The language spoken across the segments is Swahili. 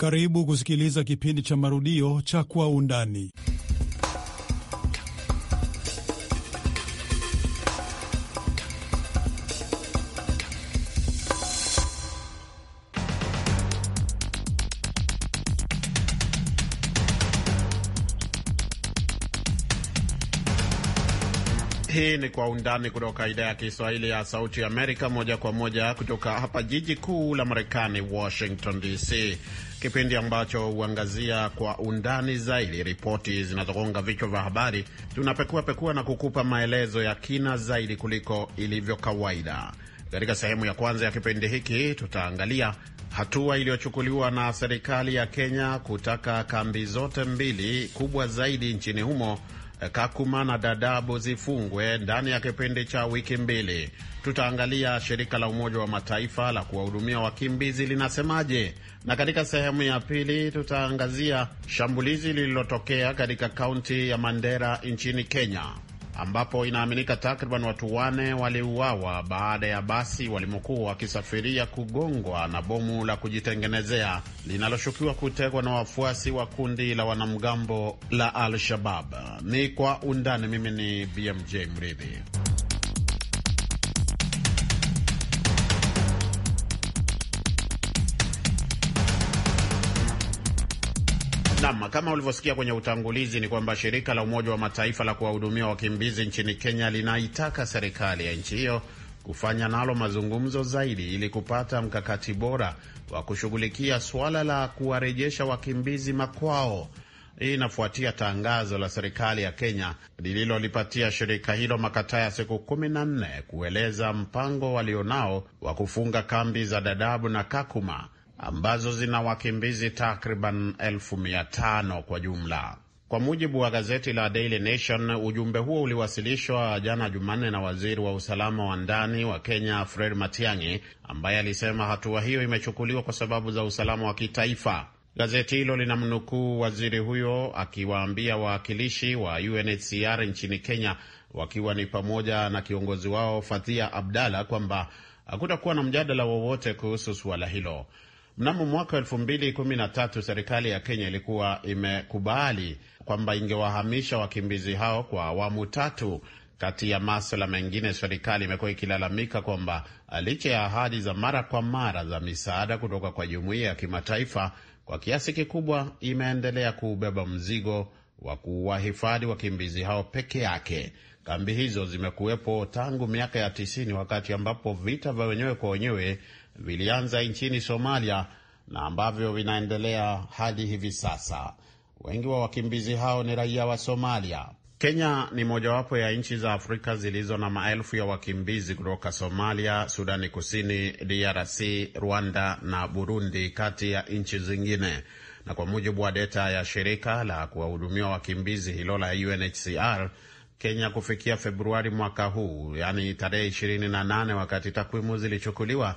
Karibu kusikiliza kipindi cha marudio cha Kwa Undani. Hii ni Kwa Undani kutoka idhaa ya Kiswahili ya Sauti Amerika, moja kwa moja kutoka hapa jiji kuu la Marekani, Washington DC kipindi ambacho huangazia kwa undani zaidi ripoti zinazogonga vichwa vya habari. Tunapekua pekua na kukupa maelezo ya kina zaidi kuliko ilivyo kawaida. Katika sehemu ya kwanza ya kipindi hiki, tutaangalia hatua iliyochukuliwa na serikali ya Kenya kutaka kambi zote mbili kubwa zaidi nchini humo Eh, Kakuma na dadabu zifungwe ndani ya kipindi cha wiki mbili. Tutaangalia shirika la Umoja wa Mataifa la kuwahudumia wakimbizi linasemaje, na katika sehemu ya pili tutaangazia shambulizi lililotokea katika kaunti ya Mandera nchini Kenya ambapo inaaminika takriban watu wane waliuawa baada ya basi walimokuwa wakisafiria kugongwa na bomu la kujitengenezea linaloshukiwa kutegwa na wafuasi wa kundi la wanamgambo la Al-Shabab. Ni kwa undani. Mimi ni BMJ Mridhi. Kama, kama ulivyosikia kwenye utangulizi ni kwamba shirika la Umoja wa Mataifa la kuwahudumia wakimbizi nchini Kenya linaitaka serikali ya nchi hiyo kufanya nalo mazungumzo zaidi ili kupata mkakati bora wa kushughulikia suala la kuwarejesha wakimbizi makwao. Hii inafuatia tangazo la serikali ya Kenya lililolipatia shirika hilo makataa ya siku kumi na nne kueleza mpango walionao wa kufunga kambi za dadabu na Kakuma ambazo zina wakimbizi takriban elfu mia tano kwa jumla. Kwa mujibu wa gazeti la Daily Nation, ujumbe huo uliwasilishwa jana Jumanne na waziri wa usalama wa ndani wa Kenya Fred Matiang'i, ambaye alisema hatua hiyo imechukuliwa kwa sababu za usalama wa kitaifa. Gazeti hilo linamnukuu waziri huyo akiwaambia wawakilishi wa UNHCR nchini Kenya, wakiwa ni pamoja na kiongozi wao Fathia Abdalla, kwamba hakutakuwa na mjadala wowote kuhusu suala hilo. Mnamo mwaka tatu serikali ya Kenya ilikuwa imekubali kwamba ingewahamisha wakimbizi hao kwa awamu tatu. Kati ya masala mengine, serikali imekuwa ikilalamika kwamba eh, licha ya ahadi za mara kwa mara za misaada kutoka kwa jumuiya ya kimataifa, kwa kiasi kikubwa imeendelea kuubeba mzigo wa kuwahifadhi wakimbizi hao peke yake. Kambi hizo zimekuwepo tangu miaka ya tisini, wakati ambapo vita vya wenyewe kwa wenyewe vilianza nchini Somalia na ambavyo vinaendelea hadi hivi sasa. Wengi wa wakimbizi hao ni raia wa Somalia. Kenya ni mojawapo ya nchi za Afrika zilizo na maelfu ya wakimbizi kutoka Somalia, Sudani Kusini, DRC, Rwanda na Burundi, kati ya nchi zingine. Na kwa mujibu wa deta ya shirika la kuwahudumia wakimbizi hilo la UNHCR, Kenya kufikia Februari mwaka huu, yaani tarehe 28 wakati takwimu zilichukuliwa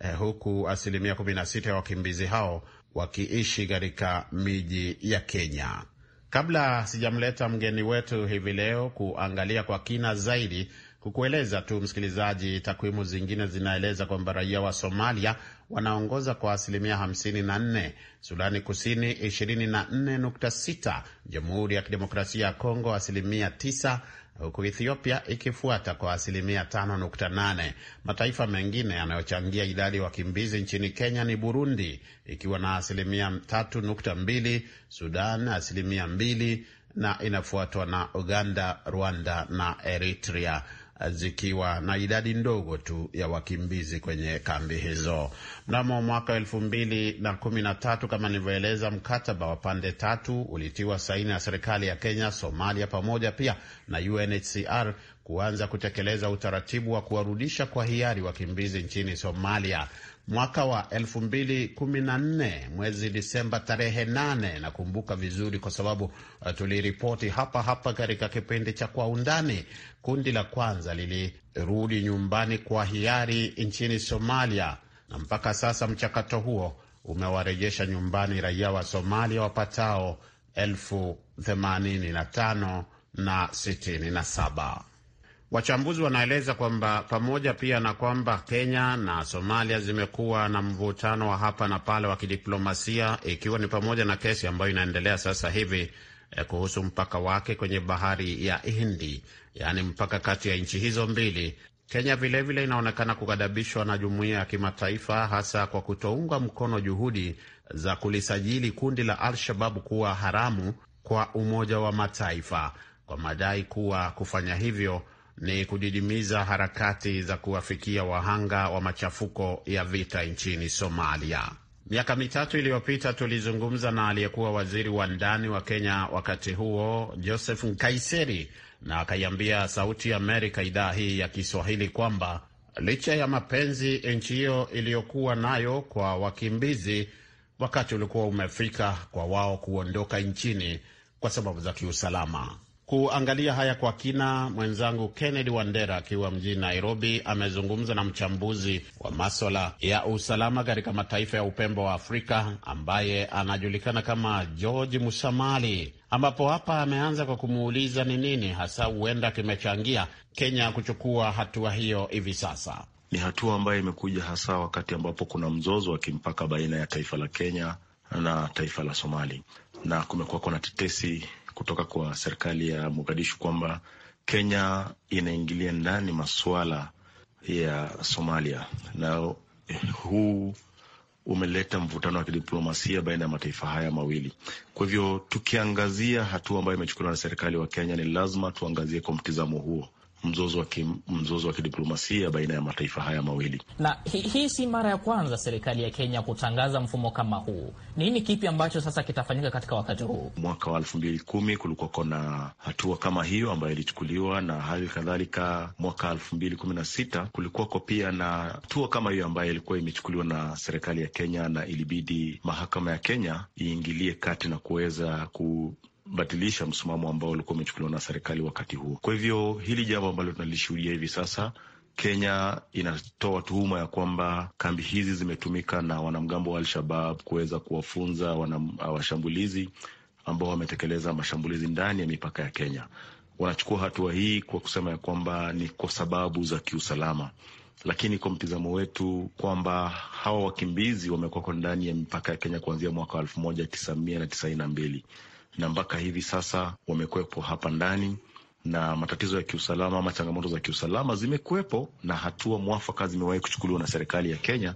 eh, huku asilimia 16 ya wakimbizi hao wakiishi katika miji ya Kenya. Kabla sijamleta mgeni wetu hivi leo kuangalia kwa kina zaidi, kukueleza tu msikilizaji, takwimu zingine zinaeleza kwamba raia wa Somalia wanaongoza kwa asilimia 54, Sudani Kusini 24.6, Jamhuri ya Kidemokrasia ya Kongo asilimia 9, huku Ethiopia ikifuata kwa asilimia 5.8. Mataifa mengine yanayochangia idadi ya wakimbizi nchini Kenya ni Burundi ikiwa na asilimia 3.2, Sudan asilimia 2, na inafuatwa na Uganda, Rwanda na Eritrea zikiwa na idadi ndogo tu ya wakimbizi kwenye kambi hizo. Mnamo mwaka wa elfu mbili na kumi na tatu, kama nilivyoeleza, mkataba wa pande tatu ulitiwa saini na serikali ya Kenya, Somalia pamoja pia na UNHCR kuanza kutekeleza utaratibu wa kuwarudisha kwa hiari wakimbizi nchini Somalia mwaka wa 2014 mwezi Disemba tarehe 8. Nakumbuka vizuri kwa sababu uh, tuliripoti hapa hapa katika kipindi cha Kwa Undani. Kundi la kwanza lilirudi nyumbani kwa hiari nchini Somalia, na mpaka sasa mchakato huo umewarejesha nyumbani raia wa Somalia wapatao elfu themanini na tano na sitini na saba. Wachambuzi wanaeleza kwamba pamoja pia na kwamba Kenya na Somalia zimekuwa na mvutano wa hapa na pale wa kidiplomasia, ikiwa ni pamoja na kesi ambayo inaendelea sasa hivi eh, kuhusu mpaka wake kwenye bahari ya Hindi, yaani mpaka kati ya nchi hizo mbili. Kenya vilevile vile inaonekana kughadhabishwa na jumuiya ya kimataifa hasa kwa kutounga mkono juhudi za kulisajili kundi la Al-Shababu kuwa haramu kwa Umoja wa Mataifa kwa madai kuwa kufanya hivyo ni kudidimiza harakati za kuwafikia wahanga wa machafuko ya vita nchini Somalia. Miaka mitatu iliyopita tulizungumza na aliyekuwa waziri wa ndani wa Kenya wakati huo Joseph Nkaiseri, na akaiambia Sauti Amerika idhaa hii ya Kiswahili kwamba licha ya mapenzi nchi hiyo iliyokuwa nayo kwa wakimbizi, wakati ulikuwa umefika kwa wao kuondoka nchini kwa sababu za kiusalama. Kuangalia haya kwa kina, mwenzangu Kennedy Wandera akiwa mjini Nairobi amezungumza na mchambuzi wa maswala ya usalama katika mataifa ya upembo wa Afrika ambaye anajulikana kama George Musamali, ambapo hapa ameanza kwa kumuuliza ni nini hasa huenda kimechangia Kenya kuchukua hatua hiyo hivi sasa. Ni hatua ambayo imekuja hasa wakati ambapo kuna mzozo wa kimpaka baina ya taifa la Kenya na taifa la Somali, na kumekuwa kuna tetesi kutoka kwa serikali ya Mogadishu kwamba Kenya inaingilia ndani masuala ya Somalia, na huu umeleta mvutano wa kidiplomasia baina ya mataifa haya mawili. Kwa hivyo tukiangazia hatua ambayo imechukuliwa na serikali wa Kenya, ni lazima tuangazie kwa mtizamo huo mzozo wa, mzozo wa kidiplomasia baina ya mataifa haya mawili. Na hii hi si mara ya kwanza serikali ya Kenya kutangaza mfumo kama huu. Nini kipi ambacho sasa kitafanyika katika wakati huu? Mwaka wa elfu mbili kumi kulikuwa kuna hatua kama hiyo ambayo ilichukuliwa, na hali kadhalika mwaka elfu mbili kumi na sita kulikuwako pia na hatua kama hiyo ambayo ilikuwa imechukuliwa na serikali ya Kenya, na ilibidi mahakama ya Kenya iingilie kati na kuweza ku kubatilisha msimamo ambao ulikuwa umechukuliwa na serikali wakati huo. Kwa hivyo hili jambo ambalo tunalishuhudia hivi sasa Kenya inatoa tuhuma ya kwamba kambi hizi zimetumika na wanamgambo wa Al-Shabab kuweza kuwafunza uh, washambulizi ambao wametekeleza mashambulizi ndani ya mipaka ya Kenya. Wanachukua hatua hii kwa kusema ya kwamba ni kwa sababu za kiusalama, lakini kwa mtizamo wetu kwamba hawa wakimbizi wamekwako ndani ya mipaka ya Kenya kuanzia mwaka wa elfu moja tisa mia na tisaini na mbili na mpaka hivi sasa wamekuwepo hapa ndani na matatizo ya kiusalama ama changamoto za kiusalama zimekuwepo, na hatua mwafaka zimewahi kuchukuliwa na serikali ya Kenya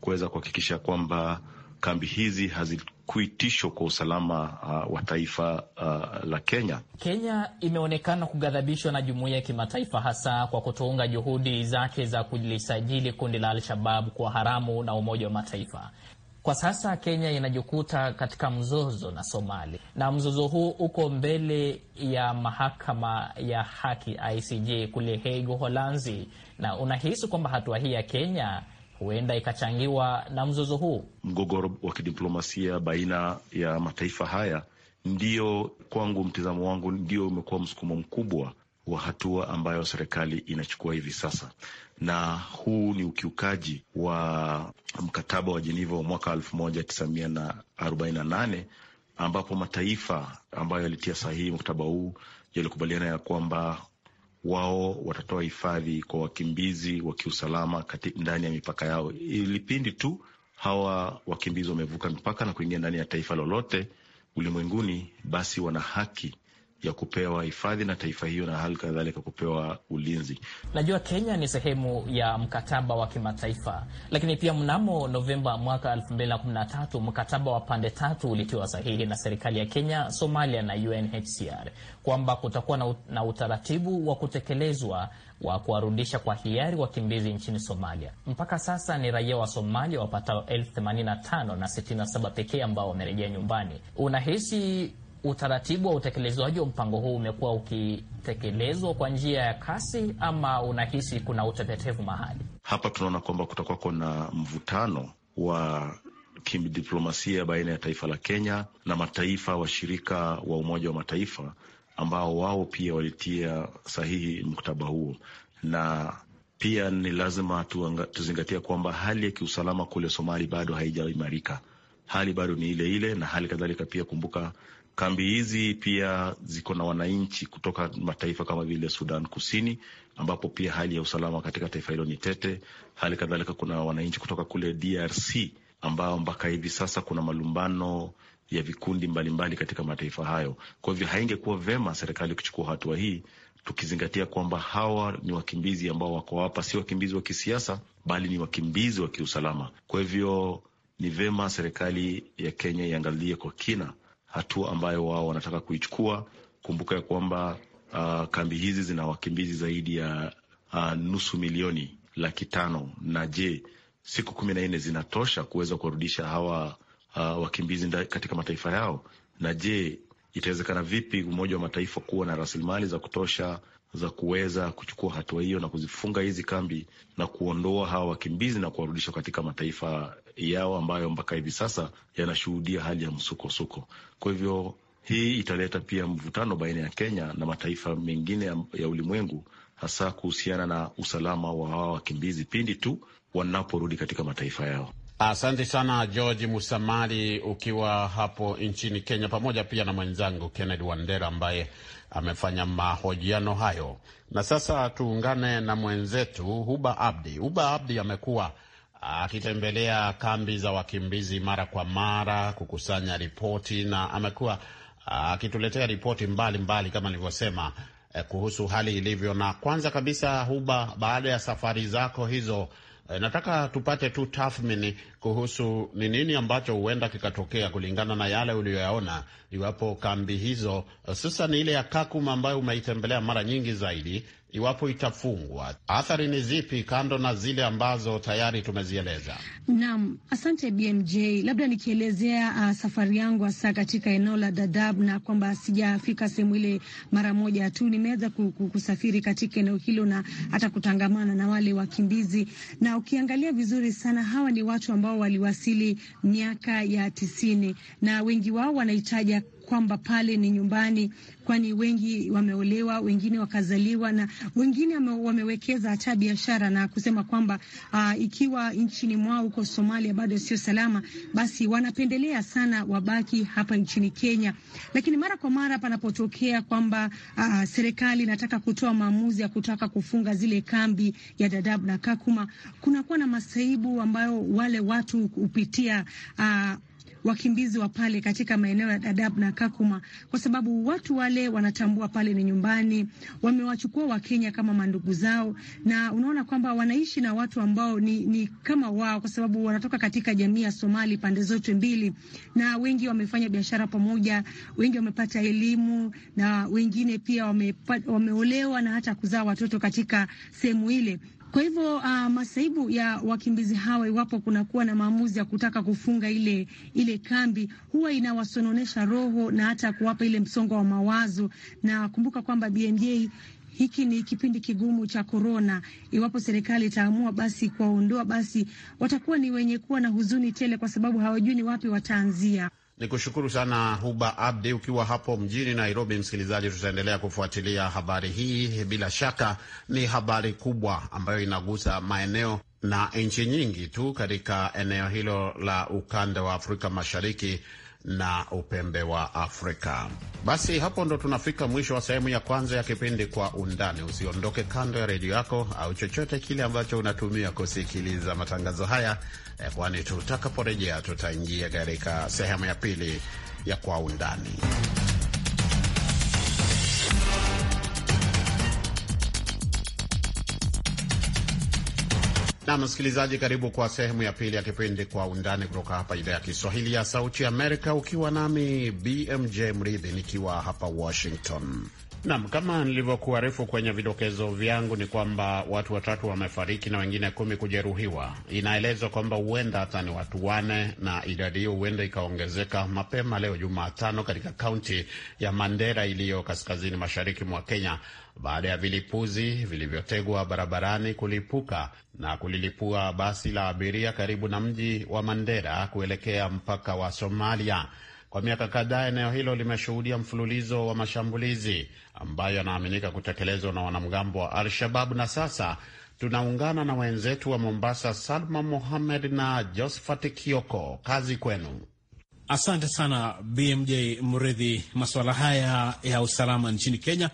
kuweza kuhakikisha kwamba kambi hizi hazikui tisho kwa usalama uh, wa taifa uh, la Kenya. Kenya imeonekana kugadhabishwa na jumuiya ya kimataifa hasa kwa kutounga juhudi zake za kulisajili kundi la al shababu kwa haramu na Umoja wa Mataifa. Kwa sasa Kenya inajikuta katika mzozo na somali na mzozo huu uko mbele ya mahakama ya haki ICJ kule Hague, holanzi Na unahisi kwamba hatua hii ya Kenya huenda ikachangiwa na mzozo huu? Mgogoro wa kidiplomasia baina ya mataifa haya ndio kwangu, mtizamo wangu, ndio umekuwa msukumo mkubwa wa hatua ambayo serikali inachukua hivi sasa, na huu ni ukiukaji wa mkataba wa Jeniva wa mwaka elfu moja tisa mia na arobaini na nane ambapo mataifa ambayo yalitia sahihi mkataba huu yalikubaliana ya kwamba wao watatoa hifadhi kwa wakimbizi wa kiusalama ndani ya mipaka yao, ili pindi tu hawa wakimbizi wamevuka mipaka na kuingia ndani ya taifa lolote ulimwenguni, basi wana haki ya kupewa hifadhi na taifa hiyo na hali kadhalika kupewa ulinzi. Najua Kenya ni sehemu ya mkataba wa kimataifa, lakini pia mnamo Novemba mwaka 2013 mkataba wa pande tatu ulitiwa sahihi na serikali ya Kenya, Somalia na UNHCR kwamba kutakuwa na utaratibu wa kutekelezwa wa kuwarudisha kwa hiari wakimbizi nchini Somalia. Mpaka sasa ni raia wa Somalia wapatao elfu themanini na tano na sitini na saba pekee ambao wamerejea nyumbani. Unahisi utaratibu wa utekelezaji wa mpango huu umekuwa ukitekelezwa kwa njia ya kasi ama unahisi kuna utepetevu mahali hapa? Tunaona kwamba kutakuwa kuna mvutano wa kidiplomasia baina ya taifa la Kenya na mataifa washirika wa Umoja wa Mataifa ambao wao pia walitia sahihi mkataba huo, na pia ni lazima tuzingatia kwamba hali ya kiusalama kule Somali bado haijaimarika, hali bado ni ile ile, na hali kadhalika pia kumbuka Kambi hizi pia ziko na wananchi kutoka mataifa kama vile Sudan Kusini, ambapo pia hali ya usalama katika taifa hilo ni tete. Hali kadhalika kuna wananchi kutoka kule DRC ambao mpaka hivi sasa kuna malumbano ya vikundi mbalimbali mbali katika mataifa hayo. Kwa hivyo haingekuwa vema serikali kuchukua hatua hii, tukizingatia kwamba hawa ni wakimbizi ambao wako hapa, si wakimbizi wa kisiasa, bali ni wakimbizi wa kiusalama. Kwa hivyo ni vema serikali ya Kenya iangalie kwa kina hatua ambayo wao wanataka kuichukua. Kumbuka ya kwamba uh, kambi hizi zina wakimbizi zaidi ya uh, nusu milioni laki tano. Na je, siku kumi na nne zinatosha kuweza kuwarudisha hawa uh, wakimbizi katika mataifa yao? Na je, itawezekana vipi Umoja wa Mataifa kuwa na rasilimali za kutosha za kuweza kuchukua hatua hiyo na kuzifunga hizi kambi na kuondoa hawa wakimbizi na kuwarudisha katika mataifa yao ambayo mpaka hivi sasa yanashuhudia hali ya msukosuko. Kwa hivyo hii italeta pia mvutano baina ya Kenya na mataifa mengine ya ulimwengu, hasa kuhusiana na usalama wa hawa wakimbizi pindi tu wanaporudi katika mataifa yao. Asante sana George Musamali, ukiwa hapo nchini Kenya, pamoja pia na mwenzangu Kennedy Wandera ambaye amefanya mahojiano hayo. Na sasa tuungane na mwenzetu Huba Abdi. Huba Abdi amekuwa akitembelea kambi za wakimbizi mara kwa mara kukusanya ripoti na amekuwa akituletea ripoti mbalimbali kama nilivyosema, eh, kuhusu hali ilivyo. Na kwanza kabisa, Huba, baada ya safari zako hizo Eh, nataka tupate tu tathmini kuhusu ni nini ambacho huenda kikatokea kulingana na yale uliyoyaona, iwapo kambi hizo eh, hususan ile ya Kakuma ambayo umeitembelea mara nyingi zaidi iwapo itafungwa, athari ni zipi kando na zile ambazo tayari tumezieleza? Naam, asante BMJ. Labda nikielezea uh, safari yangu hasa katika eneo la dadab na kwamba sijafika sehemu ile mara moja tu, nimeweza kusafiri katika eneo hilo na hata kutangamana na wale wakimbizi, na ukiangalia vizuri sana hawa ni watu ambao waliwasili miaka ya tisini na wengi wao wanahitaja kwamba pale ni nyumbani, kwani wengi wameolewa, wengine wakazaliwa, na wengine wamewekeza hata biashara na kusema kwamba uh, ikiwa nchini mwao huko Somalia bado sio salama, basi wanapendelea sana wabaki hapa nchini Kenya. Lakini mara kwa mara panapotokea kwamba uh, serikali inataka kutoa maamuzi ya kutaka kufunga zile kambi ya Dadaab na Kakuma, kunakuwa na masaibu ambayo wale watu hupitia uh, wakimbizi wa pale katika maeneo ya Dadaab na Kakuma, kwa sababu watu wale wanatambua pale ni nyumbani. Wamewachukua Wakenya kama mandugu zao, na unaona kwamba wanaishi na watu ambao ni, ni kama wao, kwa sababu wanatoka katika jamii ya Somali pande zote mbili, na wengi wamefanya biashara pamoja, wengi wamepata elimu na wengine pia wame, wameolewa na hata kuzaa watoto katika sehemu ile. Kwa hivyo uh, masaibu ya wakimbizi hawa, iwapo kunakuwa na maamuzi ya kutaka kufunga ile ile kambi, huwa inawasononesha roho na hata kuwapa ile msongo wa mawazo, na kumbuka kwamba BMJ hiki ni kipindi kigumu cha korona. Iwapo serikali itaamua basi kuwaondoa, basi watakuwa ni wenye kuwa na huzuni tele, kwa sababu hawajui ni wapi wataanzia. Ni kushukuru sana Huba Abdi ukiwa hapo mjini Nairobi. Msikilizaji, tutaendelea kufuatilia habari hii. Bila shaka ni habari kubwa ambayo inagusa maeneo na nchi nyingi tu katika eneo hilo la ukanda wa Afrika Mashariki na upembe wa Afrika. Basi hapo ndo tunafika mwisho wa sehemu ya kwanza ya kipindi Kwa Undani. Usiondoke kando ya redio yako au chochote kile ambacho unatumia kusikiliza matangazo haya kwani eh, tutakaporejea tutaingia katika sehemu ya pili ya Kwa Undani. Na msikilizaji, karibu kwa sehemu ya pili ya kipindi Kwa Undani kutoka hapa idhaa ya Kiswahili ya Sauti Amerika, ukiwa nami BMJ Mridhi nikiwa hapa Washington. Naam, kama nilivyokuarifu kwenye vidokezo vyangu ni kwamba watu watatu wamefariki na wengine kumi kujeruhiwa. Inaelezwa kwamba huenda hata ni watu wane, na idadi hiyo huenda ikaongezeka mapema leo Jumatano katika kaunti ya Mandera iliyo kaskazini mashariki mwa Kenya baada ya vilipuzi vilivyotegwa barabarani kulipuka na kulilipua basi la abiria karibu na mji wa Mandera kuelekea mpaka wa Somalia. Kwa miaka kadhaa eneo hilo limeshuhudia mfululizo wa mashambulizi ambayo yanaaminika kutekelezwa na wanamgambo wa Al-Shabab, na sasa tunaungana na wenzetu wa Mombasa, Salma Mohamed na Josphat Kioko. Kazi kwenu. Asante sana BMJ Mridhi. Masuala haya ya usalama nchini Kenya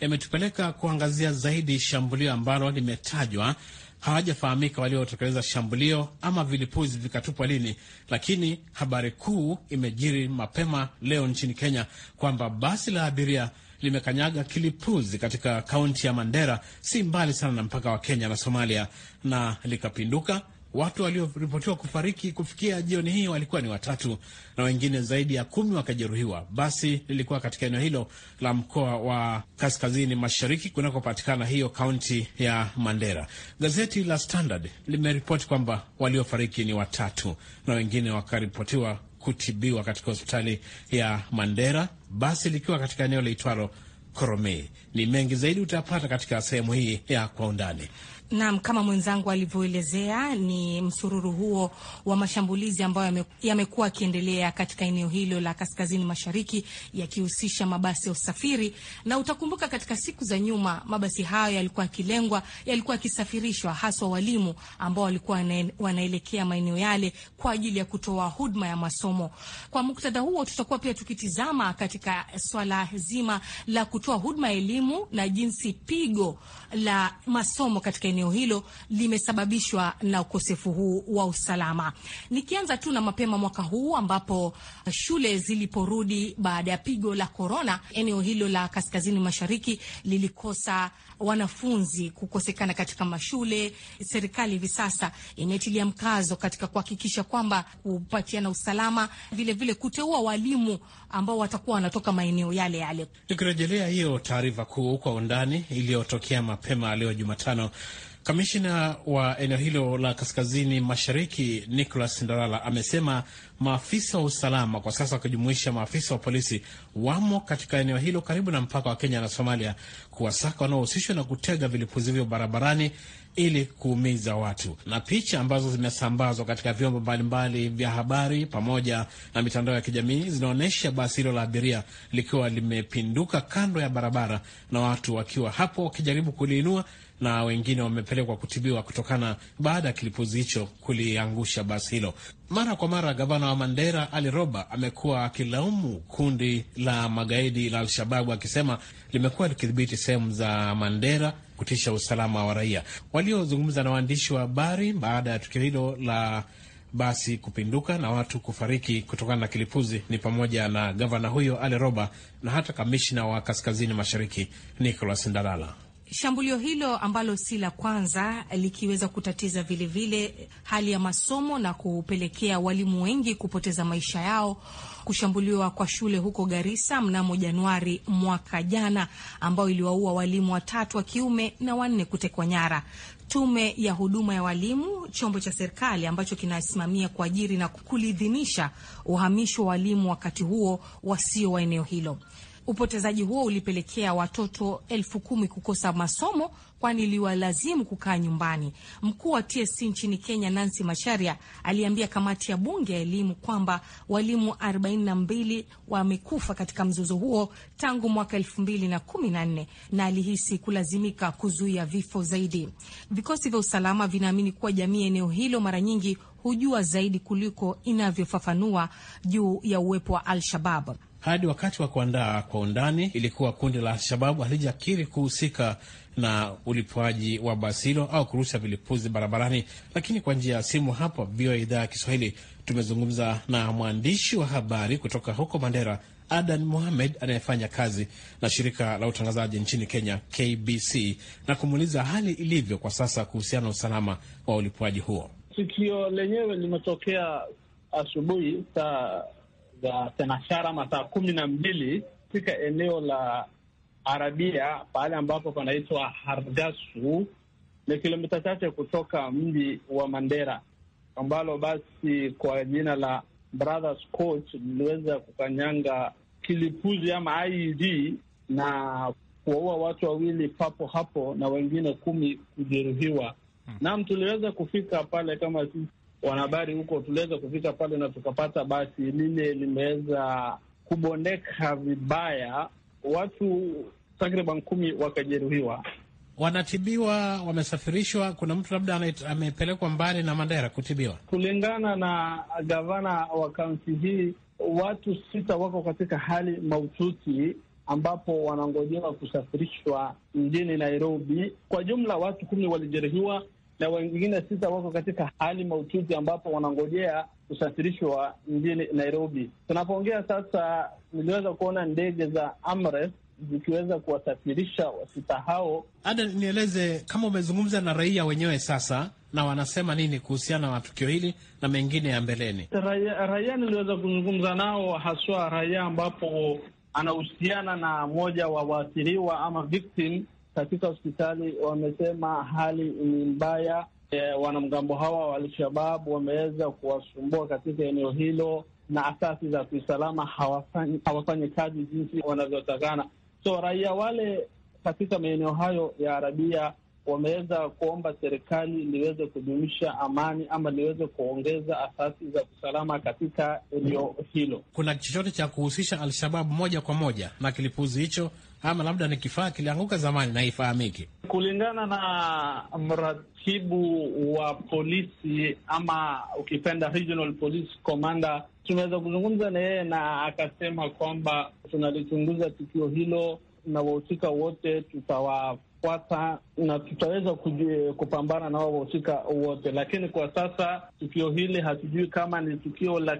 yametupeleka kuangazia zaidi shambulio ambalo limetajwa Hawajafahamika waliotekeleza shambulio ama vilipuzi vikatupwa lini, lakini habari kuu imejiri mapema leo nchini Kenya kwamba basi la abiria limekanyaga kilipuzi katika kaunti ya Mandera, si mbali sana na mpaka wa Kenya na Somalia, na likapinduka Watu walioripotiwa kufariki kufikia jioni hii walikuwa ni watatu na wengine zaidi ya kumi wakajeruhiwa. Basi lilikuwa katika eneo hilo la mkoa wa kaskazini mashariki kunakopatikana hiyo kaunti ya Mandera. Gazeti la Standard limeripoti kwamba waliofariki ni watatu na wengine wakaripotiwa kutibiwa katika hospitali ya Mandera, basi likiwa katika eneo liitwalo Koromei. Ni mengi zaidi utapata katika sehemu hii ya kwa undani. Naam, kama mwenzangu alivyoelezea ni msururu huo wa mashambulizi ambayo yamekuwa ya yakiendelea katika eneo hilo la kaskazini mashariki yakihusisha mabasi ya usafiri, na utakumbuka katika siku za nyuma mabasi hayo yalikuwa yakilengwa, yalikuwa yakisafirishwa haswa walimu ambao walikuwa wanaelekea maeneo yale kwa ajili ya kutoa huduma ya masomo. Kwa muktadha huo, tutakuwa pia tukitizama katika swala zima la kutoa huduma ya elimu na jinsi pigo la masomo katika eneo hilo limesababishwa na ukosefu huu wa usalama. Nikianza tu na mapema mwaka huu ambapo shule ziliporudi baada ya pigo la korona, eneo hilo la kaskazini mashariki lilikosa wanafunzi kukosekana katika mashule. Serikali hivi sasa imetilia mkazo katika kuhakikisha kwamba kupatiana usalama, vilevile vile kuteua walimu ambao watakuwa wanatoka maeneo yale yale. Tukirejelea hiyo taarifa kuu kwa undani iliyotokea mapema leo Jumatano Kamishina wa eneo hilo la kaskazini mashariki Nicholas ndarala amesema maafisa wa usalama kwa sasa wakijumuisha maafisa wa polisi wamo katika eneo hilo karibu na mpaka wa Kenya na Somalia kuwasaka wanaohusishwa na kutega vilipuzi hivyo barabarani ili kuumiza watu, na picha ambazo zimesambazwa katika vyombo mbalimbali vya habari pamoja na mitandao ya kijamii zinaonyesha basi hilo la abiria likiwa limepinduka kando ya barabara na watu wakiwa hapo wakijaribu kuliinua na wengine wamepelekwa kutibiwa kutokana baada ya kilipuzi hicho kuliangusha basi hilo. Mara kwa mara, gavana wa Mandera Ali Roba amekuwa akilaumu kundi la magaidi la Al-Shababu akisema limekuwa likidhibiti sehemu za Mandera kutisha usalama wa raia. Waliozungumza na waandishi wa habari baada ya tukio hilo la basi kupinduka na watu kufariki kutokana na kilipuzi ni pamoja na gavana huyo Ale Roba na hata kamishna wa kaskazini mashariki Nicholas Ndalala. Shambulio hilo ambalo si la kwanza likiweza kutatiza vilevile vile hali ya masomo na kupelekea walimu wengi kupoteza maisha yao, kushambuliwa kwa shule huko Garissa mnamo Januari mwaka jana, ambao iliwaua walimu watatu wa kiume na wanne kutekwa nyara. Tume ya huduma ya walimu, chombo cha serikali ambacho kinasimamia kuajiri na kulidhinisha uhamisho wa walimu wakati huo wasio wa eneo hilo Upotezaji huo ulipelekea watoto elfu kumi kukosa masomo kwani iliwalazimu kukaa nyumbani. Mkuu wa TSC nchini Kenya, Nancy masharia aliambia kamati ya bunge ya elimu kwamba walimu 42 wamekufa katika mzozo huo tangu mwaka 2014 na alihisi kulazimika kuzuia vifo zaidi. Vikosi vya usalama vinaamini kuwa jamii eneo hilo mara nyingi hujua zaidi kuliko inavyofafanua juu ya uwepo wa Al-Shabab. Hadi wakati wa kuandaa kwa undani, ilikuwa kundi la Al-Shababu halijakiri kuhusika na ulipuaji wa basilo au kurusha vilipuzi barabarani, lakini kwa njia ya simu hapa VOA idhaa ya Kiswahili tumezungumza na mwandishi wa habari kutoka huko Mandera, Adan Mohamed anayefanya kazi na shirika la utangazaji nchini Kenya, KBC, na kumuuliza hali ilivyo kwa sasa kuhusiana na usalama wa ulipuaji huo. Tukio lenyewe limetokea asubuhi saa za tenashara masaa kumi na mbili katika eneo la Arabia pahale ambapo panaitwa Hargasu, ni kilomita chache kutoka mji wa Mandera, ambalo basi kwa jina la Brothers Coach liliweza kukanyanga kilipuzi ama IED na kuwaua watu wawili papo hapo na wengine kumi kujeruhiwa. Hmm. Naam, tuliweza kufika pale kama sisi wanahabari huko, tuliweza kufika pale na tukapata basi lile limeweza kubondeka vibaya, watu takriban kumi wakajeruhiwa wanatibiwa wamesafirishwa. Kuna mtu labda amepelekwa mbali na Mandera kutibiwa. Kulingana na gavana wa kaunti hii, watu sita wako katika hali mahututi, ambapo wanangojewa kusafirishwa mjini Nairobi. Kwa jumla watu kumi walijeruhiwa, na wengine sita wako katika hali mahututi ambapo wanangojea kusafirishwa mjini Nairobi. Tunapoongea sasa, niliweza kuona ndege za Amref zikiweza kuwasafirisha wasita hao. Ada, nieleze kama umezungumza na raia wenyewe sasa, na wanasema nini kuhusiana na tukio hili na mengine ya mbeleni? Raia, raia niliweza kuzungumza nao, haswa raia ambapo anahusiana na moja wa waathiriwa ama victim katika hospitali wamesema hali ni mbaya. E, wanamgambo hawa wa Alshabab wameweza kuwasumbua katika eneo hilo na asasi za kiusalama hawafanyi hawafanyi kazi jinsi wanavyotakana. So raia wale katika maeneo hayo ya Arabia wameweza kuomba serikali liweze kudumisha amani ama liweze kuongeza asasi za usalama katika eneo hilo. Kuna chochote cha kuhusisha Alshabab moja kwa moja na kilipuzi hicho ama labda ni kifaa kilianguka zamani na ifahamiki. Kulingana na mratibu wa polisi ama ukipenda regional police commander, tumeweza kuzungumza na yeye na akasema kwamba tunalichunguza tukio hilo na wahusika wote tutawafuata na tutaweza kupambana na wao wahusika wote, lakini kwa sasa tukio hili hatujui kama ni tukio la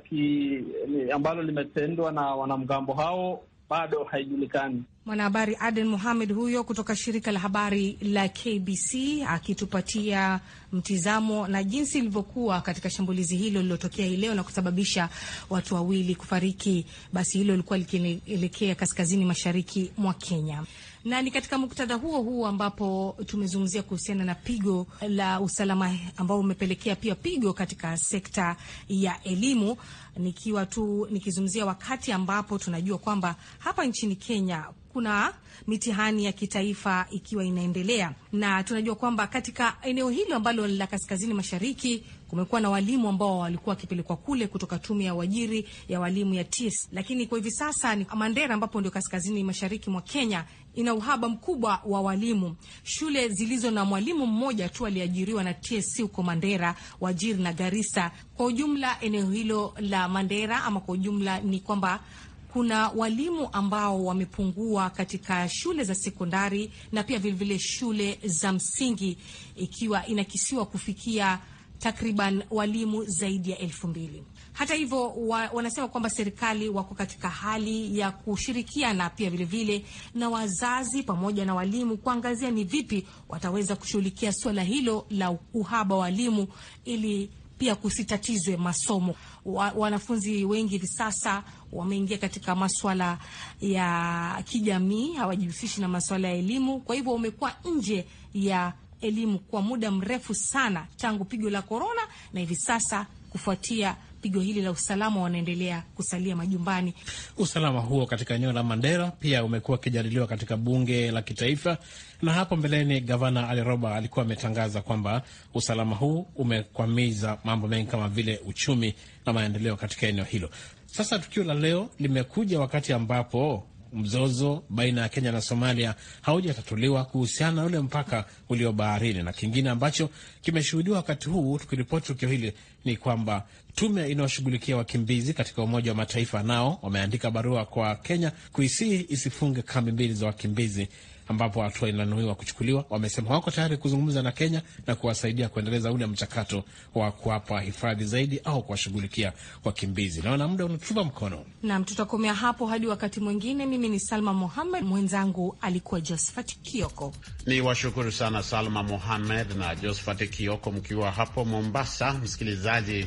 ambalo limetendwa na wanamgambo hao bado haijulikani. Mwanahabari Aden Muhamed huyo kutoka shirika la habari la KBC akitupatia mtizamo na jinsi ilivyokuwa katika shambulizi hilo lililotokea hii leo na kusababisha watu wawili kufariki. Basi hilo lilikuwa likielekea kaskazini mashariki mwa Kenya na ni katika muktadha huo huo ambapo tumezungumzia kuhusiana na pigo la usalama ambao umepelekea pia pigo katika sekta ya elimu, nikiwa tu nikizungumzia wakati ambapo tunajua kwamba hapa nchini Kenya kuna mitihani ya kitaifa ikiwa inaendelea, na tunajua kwamba katika eneo hilo ambalo la kaskazini mashariki kumekuwa na walimu ambao walikuwa wakipelekwa kule kutoka tume ya uajiri ya walimu ya TIS, lakini kwa hivi sasa ni Mandera ambapo ndio kaskazini mashariki mwa Kenya ina uhaba mkubwa wa walimu. Shule zilizo na mwalimu mmoja tu aliajiriwa na TSC huko Mandera, Wajir na Garissa. Kwa ujumla eneo hilo la Mandera ama kwa ujumla ni kwamba kuna walimu ambao wamepungua katika shule za sekondari na pia vilevile shule za msingi, ikiwa inakisiwa kufikia takriban walimu zaidi ya elfu mbili. Hata hivyo wa, wanasema kwamba serikali wako katika hali ya kushirikiana pia vilevile na wazazi pamoja na walimu kuangazia ni vipi wataweza kushughulikia suala hilo la uhaba wa walimu ili pia kusitatizwe masomo. Wa, wanafunzi wengi hivi sasa wameingia katika maswala ya kijamii, hawajihusishi na maswala ya elimu, kwa hivyo wamekuwa nje ya elimu kwa muda mrefu sana tangu pigo la korona, na hivi sasa kufuatia pigo hili la usalama wanaendelea kusalia majumbani. Usalama huo katika eneo la Mandera pia umekuwa ukijadiliwa katika bunge la kitaifa, na hapo mbeleni gavana Ali Roba alikuwa ametangaza kwamba usalama huu umekwamiza mambo mengi kama vile uchumi na maendeleo katika eneo hilo. Sasa tukio la leo limekuja wakati ambapo mzozo baina ya Kenya na Somalia haujatatuliwa kuhusiana na ule mpaka ulio baharini. Na kingine ambacho kimeshuhudiwa wakati huu tukiripoti tukio hili ni kwamba tume inayoshughulikia wakimbizi katika Umoja wa Mataifa nao wameandika barua kwa Kenya kuisihi isifunge kambi mbili za wakimbizi ambapo hatua inanuiwa kuchukuliwa. Wamesema wako tayari kuzungumza na Kenya na kuwasaidia kuendeleza ule mchakato wa kuwapa hifadhi zaidi au kuwashughulikia wakimbizi. Naona muda unatupa mkono, nam tutakomea hapo hadi wakati mwingine. Mimi ni Salma Mohamed, mwenzangu alikuwa Josphat Kioko. Ni washukuru sana Salma Mohamed na Josphat Kioko mkiwa hapo Mombasa. Msikilizaji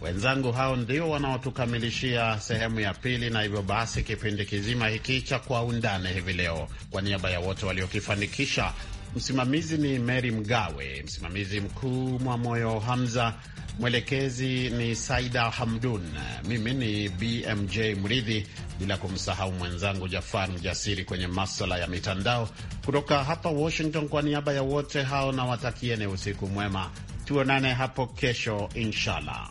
Wenzangu hao ndio wanaotukamilishia sehemu ya pili, na hivyo basi kipindi kizima hiki cha Kwa Undani hivi leo, kwa niaba ya wote waliokifanikisha, msimamizi ni Mary Mgawe, msimamizi mkuu Mwamoyo Hamza, mwelekezi ni Saida Hamdun, mimi ni BMJ Mridhi, bila kumsahau mwenzangu Jafar Mjasiri kwenye maswala ya mitandao. Kutoka hapa Washington, kwa niaba ya wote hao, na watakieni usiku mwema, tuonane hapo kesho inshallah.